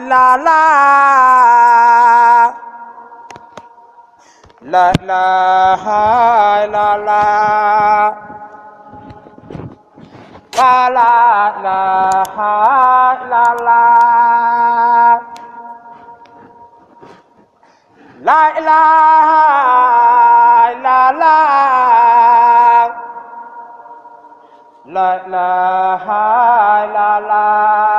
la la la la la la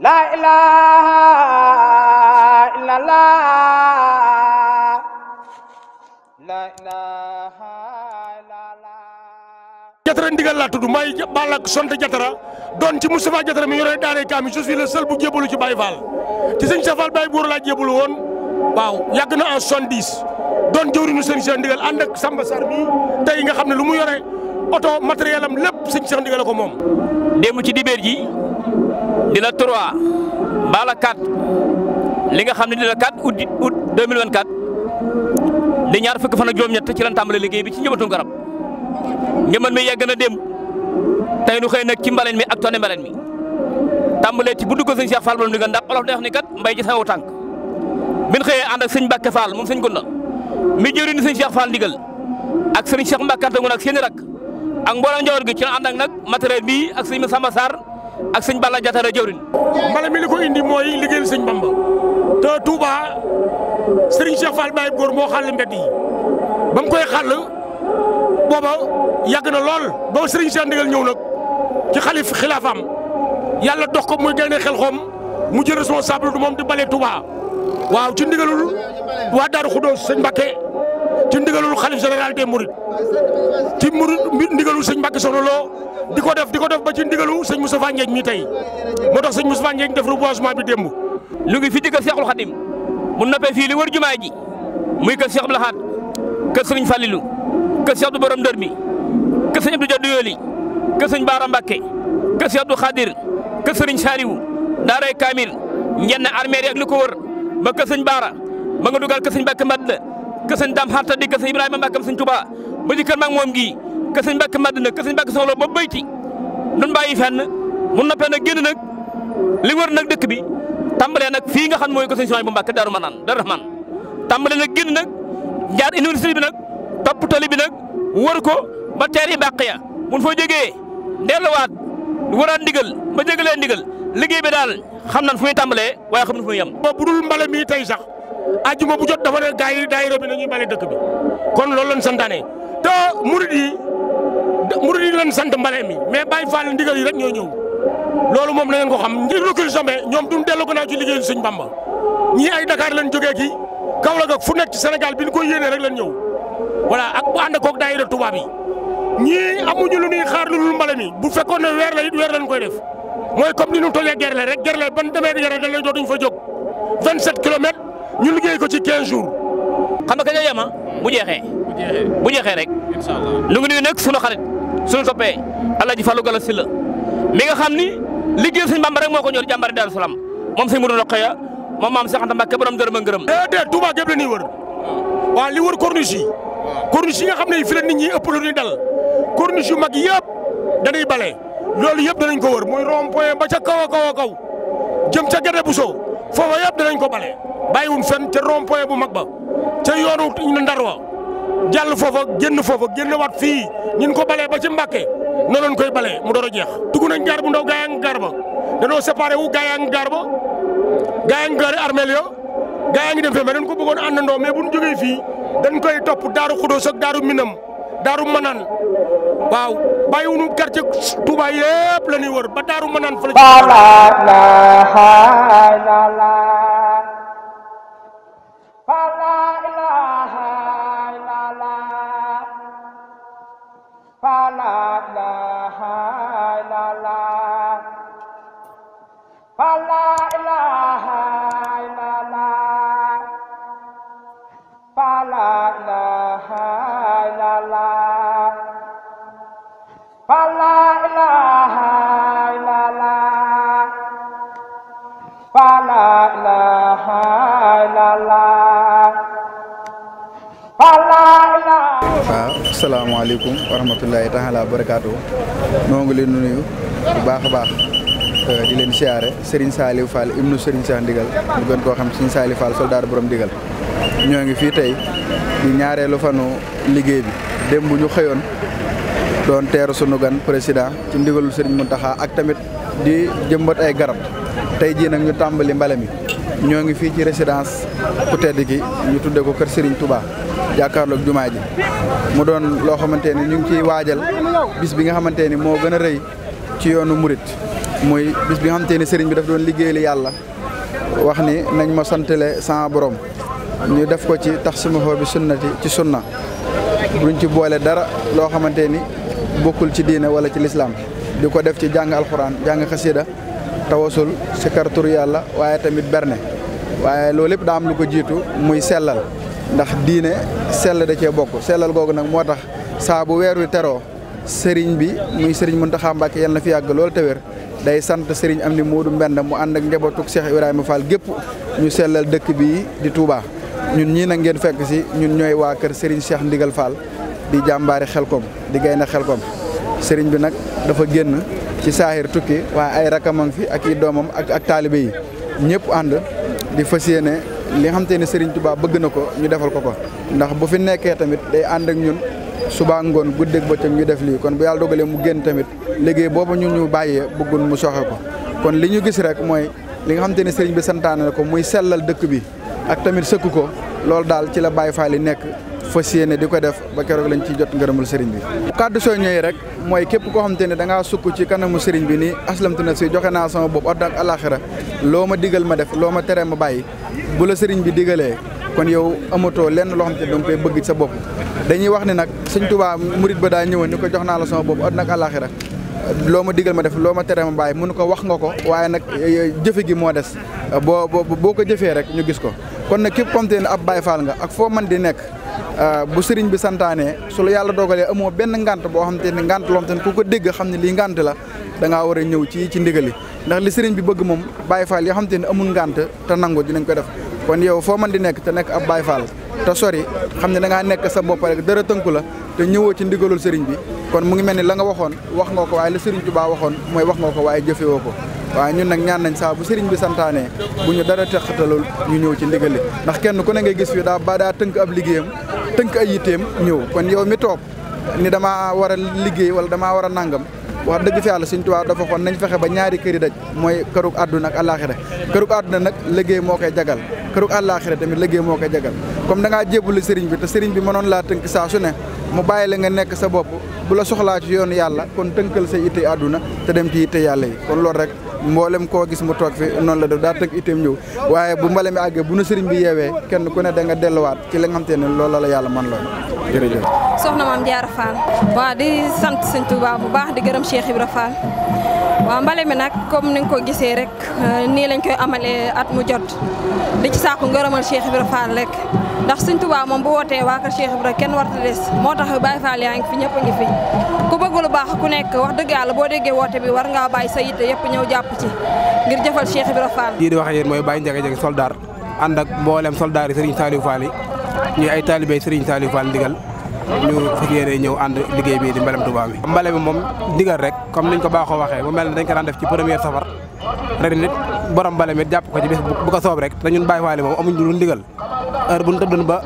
la ilaha illallah la ilaha illallah jatara ndigal laa tudd may balak sonte jatara doon ci Moustapha Jatara mi yore daare kaami je suis le seul bu ci Baye Fall ci sëñ Safal Baye Góor laa jébalu woon waaw yàgg na en 70 don jëwriñu sëñ Cheikh Ndigal ànd Samba Sarr tey nga xam ne lu mu yore oto matériel am lépp sëñ Cheikh Ndigal ko moom démb ci dibéer ji di la 3 baa la 4 li nga xam ne di la 4 août août 2024 di ñaar fukk fan ak juróom-ñett ci lan tàmbale liggéey bi ci njëmbatum garab njëmbat mi yegg na démb tey nu xëy nag ci mbaleen mi ak tonne mbaleen mi tàmbalee ci buddu ko sëñ Cheikh Fall borom ndigal ndax olof day ni kat mbay ci sawu tànk bin xëyee ànd ak sëñ Mbacke Fall moom sëñ Gunda mi jëriñ ni sëñ Cheikh Fall ndigal ak sëñ Cheikh Mbacke Anta Ngoune ak seen i rak ak mbooloo njaboot gi ci la ànd nag matériel bii ak sëñ Samba Sarr ak sëñ Balla Diatara jëwrin mbala mi ko indi mooy liggéeyal sëñ Bamba te Touba Serigne Cheikh Fall Baye Góor moo xàll bam koy xàll booba yàgg na lool ba Serigne Cheikh ndigal ñëw nag ci xalif xilaafam yàlla dox ko muy génne xel xoom mu jël responsable du moom di bale Touba waaw ci ndigalul waa Daaru Xuddoos sëñ Mbakke ci ndigalul xalif général des Mourides ci murid ndigalu sëñ Mbacke Soxna loo di ko def di ko def ba ci ndigalu sëñ Moustapha Ndiagne mi tey moo tax sëñ Moustapha Ndiagne def reboisement bi démb. lu ngi fi di kër Seexul Xadim mu noppee fii li wër jumaa ji muy kër Seex Abdul Ahad kër sëriñ du Borom Ndër mi kër sëñ Abdou Jaddu Yooli kër sëñ Baara Mbacke kër Seex Abdou Khadir kër daaray Kamil njenn armeer yi ak li ko wër ba kër sëñ Baara ba nga dugal kër sëñ Mbacke ke sëñ Dame Xarta di ke sëñ Ibrahima Mbàkke sëñ Tuubaa ba ci kër mag moom gii ke sëñ Mbàkke Madina ke sëñ Mbàkke Soxla ba bayti duñ bàyyi fenn mun na pen nag génn li wër nag dëkk bi tàmbalee nag fii nga xam mooy ko sëñ Suwaay bu Mbàkke Daaru Manaan Daaru Rahmaan tàmbalee nag génn nag jaar université bi nag topp tali bi nag wër ko ba teer i bàq ya mun foo jógee delluwaat waraat ndigal ba jégalee ndigal liggéey bi daal xam nan fu muy tàmbalee xam na fu muy yem. boobu bu dul mbala mi tey ajjuma bu jot dafa ne gaa yi daayira bi nañuy bale dëkk bi kon loolu lañ santaane te murid yi murid yi lañ sant mbale mi mais Baye Fall ndigal yi rek ñoo ñëw loolu moom na ngeen ko xam ngir recul jamais ñoom duñ dellu ko naa ci liggéeyu Sëñ Bamba ñii ay Dakar lañ jógee kii Kaolack ak fu nekk ci Sénégal bi ñu koy yéenee rek lañ ñëw voilà ak bu ànd koog daayira tubaab yi ñii amuñu lu ñuy xaar lu mbale mi bu fekkoon ne weer la it weer lañ koy def comme ni ñu tollee gerle rek gerle ban demee ñu liggéey ko ci 15 jours. xam nga kañ la yema ah? bu jeexee. bu jeexee rek. incha allah ñu ngi nuyu nag sunu xarit sunu toppee El Hadj Fallou Gala Sylla mi nga xam ni liggéey sëñ Bamba rek moo ko ñor jàmbari Daaru Salaam moom sëñ Modou Rokhaya moom maam Cheikh Anta Mbacké borom dërëm ak ngërëm. déedéet Touba gépp la ñuy wër waaw li wër corniche yi. corniche yi nga xam ne fi ni ñi ëpp lu ñuy dal corniche yu mag yëpp dañuy bale loolu yëpp danañ ko wër muy rond point ba ca kaw a kaw a kaw jëm ca Guédé Bousso foofa yëpp dinañ ko bale bàyyiwun fenn ca rond point bu mag ba ca yoonu ndar wa jàll foofa génn foofa génn waat fii ñun ko bale ba ci Mbàkke noonu lañ koy bale mu door a jeex. dugg nañ gaar bu ndaw gaa yaa ngi gaar ba danoo séparé wu gaa yaa ngi gaar gaa yaa ngi gaari armeel ya gaa ngi dem fee mais dañ ko bëggoon àndandoo mais bu ñu jógee fii dañ koy topp daaru Xuddoos ak daaru Minam. daaru manaan waaw bàyyiwuñu quartier Touba yëpp la ñuy wër ba daaru manaan fa la asalaamaaleykum wa rahmatullahi taala barakaatu noo ngi leen nuyu bu baax a baax euh, di leen siyaare Serigne Saliou Fall nu Serigne Cheikh Ndigal ñu gën koo xam Serigne Saliou Fall soldaar borom ndigal ñoo ngi fii tey di ñaareelu fanu liggéey bi démb ñu xëyoon doon teeru sunu gan président ci ndigalul Serigne Mountakha ak tamit di jëmbat ay garab tey jii nag ñu tàmbali mbala mi ñoo ngi fii ci résidence ku tedd gi ñu tudde ko kër sëriñ Touba jàkkaarloog jumaa ji mu doon loo xamante ni ñu ngi ciy waajal bis bi nga xamante ni moo gën a rëy ci yoonu murit muy bis bi nga xamante sëriñ bi daf doon liggéeyal yàlla wax ni nañ ma santale sama borom ñu def ko ci tax simaxoo bi sunnati ci sunna duñ ci boole dara loo xamante ni bokkul ci diine wala ci lislaam di ko def ci jàng alxuraan jàng xasida tawasul sikartur yàlla waaye tamit berne waaye loolu lépp daa am lu ko jiitu muy sellal ndax diine sell da cee bokk sellal googu nag moo tax saa bu weer wi teroo sëriñ bi muy sëriñ Mountakha Mbacké yenn na fi yàgg loolu te day sant sëriñ am ni Moodu Mbend mu ànd ak njabootug Cheikh Ibrahima Fall gépp ñu sellal dëkk bii di tuubaa ñun ñii nag ngeen fekk si ñun ñooy waa kër sëriñ Cheikh Ndigal Fall di jàmbaari xelkom di gaynde xelkom sëriñ bi nag dafa génn ci saahir tukki waaye ay rakamam fi ak i doomam ak ak taalibe yi ñëpp ànd di fas yéene li nga xam te ne Serigne Touba bëgg na ko ñu defal ko ko ndax bu fi nekkee tamit day ànd ak ñun suba ngoon guddeeg bëccëg ñu def lii kon bu yàlla dogalee mu génn tamit liggéey boobu ñu ñu bàyyee bëggul mu soxe ko kon li ñu gis rekk mooy li nga xam te ne Serigne bi santaane na ko muy sellal dëkk bi ak tamit sëkk ko loolu daal ci la bàyyi Fall li nekk fas yéene di ko def ba keroog lañ ciy jot ngërëmul Serigne bi. kàddu soo ñëwee rek mooy képp koo xam te ne da ngaa ci kanamu Serigne bi nii aslamtu na si joxe naa sama bopp àdduna ak loo ma digal ma def loo ma tere ma bàyyi bu la sëriñ bi digalee kon yow amatoo lenn loo xam te danga koy bëgg sa bopp dañuy wax ne nag sëñ Tuubaa murit ba daa ñëwoon ni ko jox naa la sama bopp àddina ak àllaaxira loo ma digal ma def loo ma tere ma bàyyi mënu ko wax nga ko waaye nag eh, jëfe gi moo des boo boo ko jëfee rek ñu gis ko kon nag képp comme ne ab Baay Faal nga ak foo man di nekk ah, bu sëriñ bi santaanee su la yàlla doogalee amoo benn ngant boo xam ne ngant loo xam te ne ku ko dégg xam ne lii ngant la da war a ñëw ci ci ndigali ndax li sëriñ bi bëgg moom Baye Fall yoo xam te ne amul ngànt te nangu dinañ ko def kon yow foo man di nekk te nekk ab Baye Fall te sori xam ne da ngaa nekk sa bopp dara tënku la te ñëwoo ci ndigalul sëriñ bi kon mu ngi mel ni la nga waxoon wax nga ko waaye la sëriñ Tuubaa waxoon mooy wax nga ko waaye jëfewoo ko waaye ñun nag ñaan nañ saa bu sëriñ bi santaanee bu ñu dara texatalul ñu ñëw ci ndigal ndax kenn ku ne ngay gis fi daa ba daa tënk ab liggéeyam tënk ay yitteem ñëw kon yow mi ni damaa war a liggéey wala damaa war a nangam wax dëgg fi yàlla suñ tubaab dafa xoon nañ fexe ba ñaari kër yi daj mooy kërug àdduna ak àllaaxira kërug àdduna nag liggéey moo koy jagal kërug àllaaxira tamit liggéey moo koy jagal comme da ngaa jébbalu sëriñ bi te sëriñ bi mënoon laa tënk saa su ne mu bàyyi la nga nekk sa bopp bu la soxlaa ci yoon yàlla kon tënkal sa itte àdduna te dem ci itte yàlla yi kon loolu rek mboolem koo gis mu toog fi noonu la def daa tëgg itam ñëw waaye bu mbale mi àggee bu nu sëriñ bi yeewee kenn ku ne da nga delluwaat ci li nga xam te ne la yàlla man loolu soxna maam Jaara Fall waaw di sant sëñ Touba bu baax di gërëm Cheikh Ibra Fall waaw mbale mi nag comme ni ko gisee rek euh, nii lañ koy amalee at mu jot di ci sàkku ngërëmal Cheikh Ibra Fall rek ndax Sëñ Tuubaa moom bu wootee waa kër Cheikh Ibra kenn warta des moo tax Baay Faal yaa ngi fi ñëpp ngi fi ku bëgg baax ku nekk wax dëgg yàlla boo déggee woote bi war ngaa bàyyi sa yitte yëpp ñëw jàpp ci ngir jëfal Cheikh Ibra Fall lii di wax yéen mooy Baye Ndiaga Ndiaga soldaar ànd ak mboolem soldaar yi Serigne Saliou Fall yi ñuy ay taalibe Serigne Saliou Fall ndigal ñu fas yéene ñëw ànd liggéey bii di mbalem Touba mi moom ndigal rek comme niñ ko baaxoo waxee mu mel ne dañ ko daan def ci première safar borom mbale mi jàpp ko ci bés ko soob rek te ñun Baye Fall moom amuñ lu ndigal heure bu ñu tëddoon ba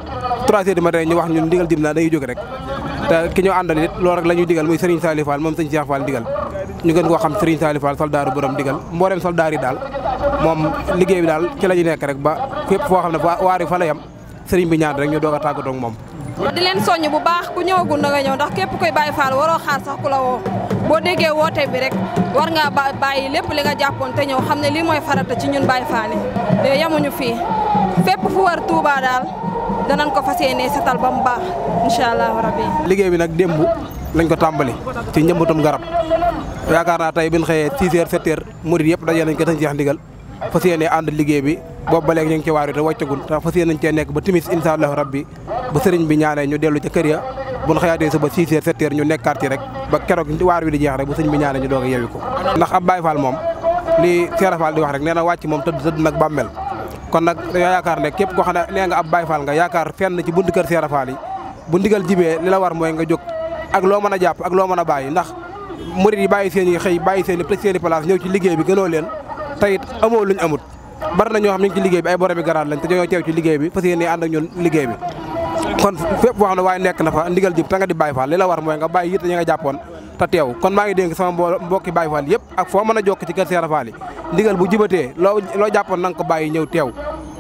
3 heures du matin ñu wax ñun ndigal jib naa dañuy jóg rek te ki ñu àndal loolu rek la ñuy digal muy Serigne Saliou Fall moom Serigne Cheikh Fall digal ñu gën koo xam Serigne Saliou digal mboolem soldaar daal moom liggéey daal ci la nekk rek ba fépp foo xam ne waar yi fa la yam Serigne bi ñaan rek ñu doog a tàggatoo ak moom. di leen soññ bu baax ku ñëwagul na ñëw ndax képp koy bàyyi Fall waroo xaar sax ku la woo boo déggee woote bi rek war ngaa bàyyi lépp li nga jàppoon fépp fu war Touba daal danañ ko fas yéenee setal ba mu baax incha allahu rabbi liggéey bi nag démb lañ ko tàmbali ci njëmbatum garab yaakaar naa tey bi ñu xëyee 6 heures 7 heures murid yëpp daje nañ ko tañ jeex ndigal fas yéenee ànd liggéey bi boobu ba léegi ñu ngi ci waaru te wàccagul te fas yéene nañ cee nekk ba timis incha allahu rabbi ba sëriñ bi ñaanee ñu dellu ca kër ya bu ñu xëyaatee suba 6 heures 7 heures ñu nekkaat ci rek ba keroog waar wi di jeex rek bu sëriñ bi ñaanee ñu doog a yewi ko ndax ab Baay Faal moom li Seera Faal di wax rek nee na wàcc moom tëdd tëdd nag bàmmel kon nag dañoo yaakaar ne képp koo ne nga ab Baye Fall nga yaakaar fenn ci buntu kër Seera Fall bu ndigal jibee li mooy nga jóg ak loo mën a jàpp ak loo mën ndax murid yi bàyyi xëy bàyyi seen i ñëw ci liggéey bi gënoo leen amoo luñ amut bari na ñoo xam ñu ci liggéey bi ay boromi garaat lañ te ñoo ci liggéey bi fas yéene ànd ak ñun liggéey bi kon fépp wax na waaye nekk na fa ndigal jib ta nga di Baye Fall li mooy nga bàyyi te teew kon maa ngi dénk sama mbokki Baye Fall yëpp ak foo mën a jokk ci kër Cheikh ndigal bu jubatee loo loo jàppoon na nga ko bàyyi ñëw teew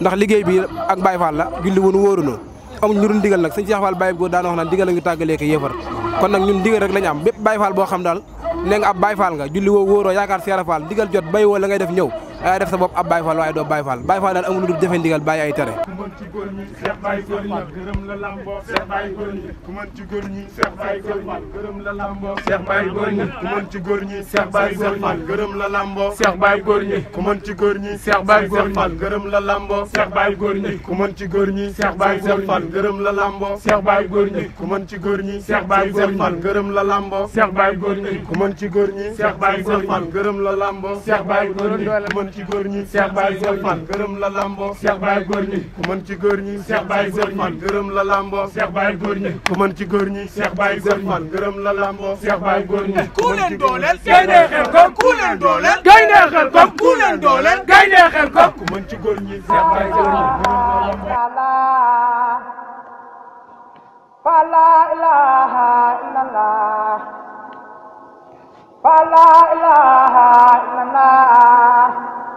ndax liggéey bi ak Baye Fall la julli woon wóorunoo amuñ lu dul ndigal nag sëñ Cheikh Fall Baye Góor daan wax naan ndigal a ngi tàggalee ko yéefar kon nag ñun ndigal rek lañ am bépp Baye Fall boo xam daal ne nga ab Baye Fall nga julli woo wóoroo yaakaar Cheikh Fall ndigal jot bay woo la ngay def ñëw yaa def sa bopp ab Baye Fall waaye doo Baye Fall Baye Fall daal mën ci góor ñi Cheikh Baye góor ñi gërëm la lamboo Cheikh Baye góor ñi ku mën ci góor ñi Cheikh Baye góor ñi gërëm la lamboo Cheikh Baye góor ñi ku mën ci góor ñi Cheikh Baye góor ñi gërëm la lamboo Cheikh Baye góor ñi ku mën ci góor ñi Cheikh Baye góor ñi gërëm la lamboo Cheikh Baye góor ñi ku mën ci góor ñi Cheikh Baye góor ñi gërëm la lamboo Cheikh Baye góor ñi ku mën ci góor ñi Cheikh Baye góor ñi gërëm la lamboo Cheikh Baye góor ñi ku mën ci góor ñi Cheikh Baye góor ñi gërëm la lamboo Cheikh Baye góor ñi ku mën ci góor ñi Cheikh Baye góor ñi gërëm la lamboo Cheikh Baye góor ñi mën ci góor ñi Cheikh Baye góor ñi gërëm la lamboo Cheikh Baye góor ñi ku mën ci góor ñi Cheikh Baye góor ñi gërëm la lamboo Cheikh Baye góor ñi ku leen dooleel gaynde xel kom ku leen dooleel gaynde xel kom ku leen dooleel gaynde xel kom ku mën ci góor ñi Cheikh Baye góor ñi gërëm la lamboo fala ilaha illallah fala ilaha illallah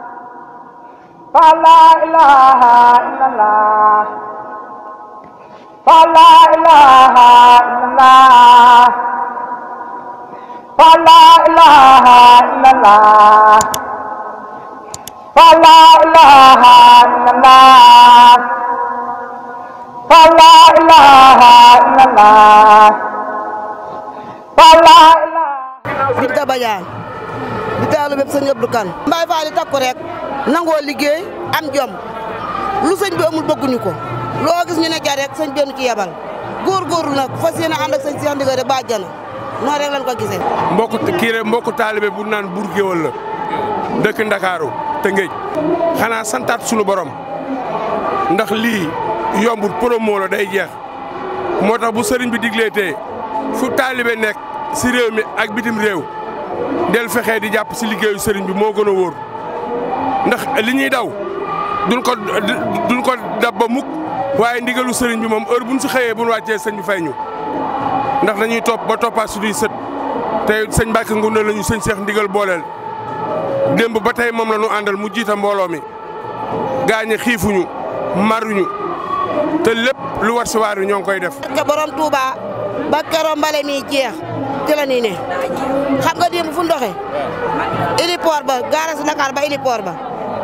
فلا إله إلا الله فلا إله إلا الله فلا إله إلا الله فلا إله إلا الله فلا إله إلا الله فلا إله بنت بيان بتالو بيب سن يبدو كان باي فالي تاكو ريك nangoo liggéey am jom lu sëñ bi amul bëgguñu ko loo gis ñu ne jar rek sëñ benn ci yebal góorgóorlu nag fas yéene ànd ak sëñ Cheikh Ndigal ba àjjana noonu rek lañ ko gisee. mbokk kii rek taalibe bu naan Buur Géwël la dëkk Ndakaaru Tëngéej xanaa santaat suñu borom ndax lii yombul promo la day jeex moo tax bu sëriñ bi digleetee fu taalibe nekk si réew mi ak bitim réew del fexee di jàpp si liggéeyu sëriñ bi moo gën a wóor. ndax li ñuy daw duñ ko duñ ko dab ba mukk waaye ndigalu sëriñ bi moom heure buñ si xëyee buñ wàccee sëñ bi fay ñu ndax dañuy top ba toppaat suñuy sët te sëñ Mbàkke Ngunda lañu sëñ Seex ndigal booleel démb ba tey moom la ñu àndal mu jiita mbooloo mi gaañe xiifuñu maruñu te lépp lu war si waar ñoo ngi koy def. parce que borom ba keroog mbale mi jeex ci la ñuy ne xam nga démb fu ndoxe doxee. héliport ba garage Dakar ba héliport ba.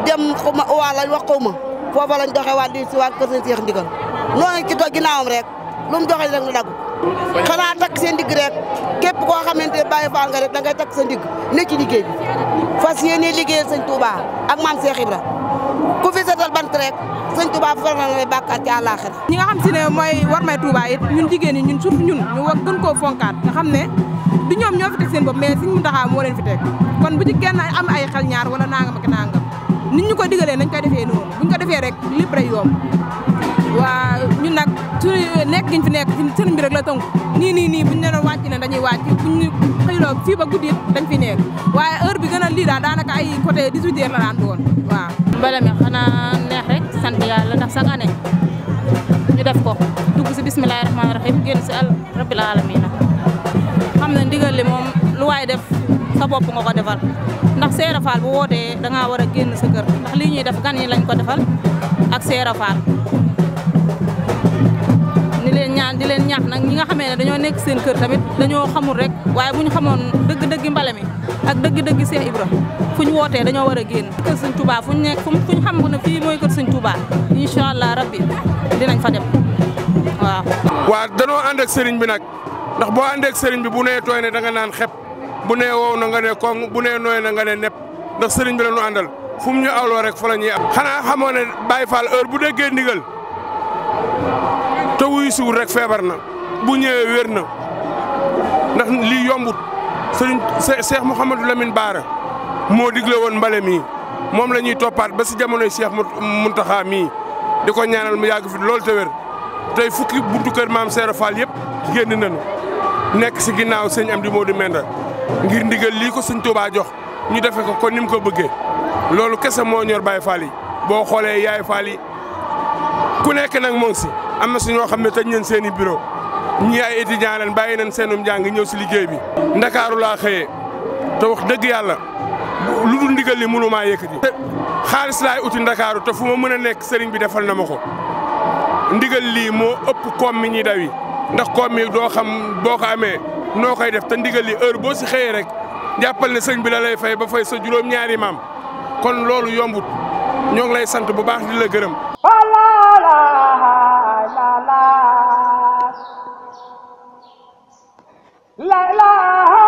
dem xaw ma waa lañ wax xaw ma foofa lañ doxee waat di si waat kër seen seex ndigal noonu ci ginnaawam rek lu mu doxee rek nu dagg xanaa takk seen digg rek képp koo xamante ne bàyyi faal nga rek da ngay takk sa digg ne ci liggéey bi fas yéene liggéeyal sëñ Touba ak maam Cheikh Ibra ku fi setal bant rek sëñ Touba faral na lay bàkkaat ci àllaaxira ñi nga xam si ne mooy war may Touba it ñun jigéen ñi ñun surtout ñun ñu war gën fonkaat nga xam ne du ñoom ñoo fi teg seen bopp mais Sëñ Muntaxa moo leen fi ñaar wala nangam nit ñu ko digalee nañ ko defee noonu buñ ko defee rek lépp rek yomb waa ñun nag suñu nekk giñ fi nekk sëriñ bi rek la tënku nii nii nii buñ ne doon wàcc ne dañuy wàcc buñ ñu xëyloo fii dañ fi nekk waaye heure bi gën a lii daal daanaka ay côté 18 heures la daan doon waaw mbala mi xanaa neex rek sant yàlla ndax chaque année ñu def ko dugg si bismillahi rahmaani rahim génn si al rabbil alamin na ndigal li moom lu waay sa bopp nga ko defal ndax Seera Fall bu wootee da war a génn sa kër ndax lii def gan i lañ ko defal ak Seera Fall ni leen ñaan di leen ñaax nag ñi nga xamee ne dañoo nekk seen kër tamit dañoo xamul rek waaye bu ñu xamoon dëgg-dëgg mbale mi ak dëgg-dëgg Seex Ibra fu ñu wootee dañoo war a génn Sëñ Touba fu ñu nekk fu ñu xam ne fii mooy kër Sëñ Touba allah rabbi dinañ fa dem waaw. waaw danoo ànd ak sëriñ bi nag ndax boo ànd ak sëriñ bi bu nee tooy ne danga naan xep. bu ne wow na nga ne koŋ bu ne nooy na nga ne nepp ndax sëriñ bi la ñu àndal fu ñu awloo rek fa ñuy am. xanaa xamoo ne Baye Fall bu dee ndigal te wuyu siwul rek feebar na bu ñëwee wér na ndax lii yombut sëriñ Cheikh Mouhamadou Lamine Baara moo digle woon mbale mii moom la ñuy toppaat ba si jamonoy Cheikh Mountakha mii di ko ñaanal mu yàgg fi loolu te wér tey fukki buntu kër maam Seera Fall yëpp génn nañu nekk si ginnaaw di Amdi Modou Menda ngir ndigal lii ko sëñ Tuubaa jox ñu defe ko kon ni mu ko bëggee loolu kese moo ñor Baay Faal yi boo xoolee yaay Faal yi ku nekk nag moo ngi si am na su ñoo xam ne tëj nañ seen i bureau ñi ay étudiant lañ bàyyi nen seenum njàng ñëw si liggéey bi. ndakaaru laa xëyee te dëgg yàlla lu dul ndigal li mënu maa xaalis laay uti ndakaaru te fu ma mën a nekk sëriñ bi defal na ma ko ndigal lii moo ëpp koom mi ñuy dawi ndax koom doo xam boo ko noo koy def te ndigal li heure boo si xëyee rek jàppal ne sëñ bi la lay fay ba fay sa juróom-ñaari maam kon loolu yombut ñoo ngi lay sant bu baax di la gërëm. la la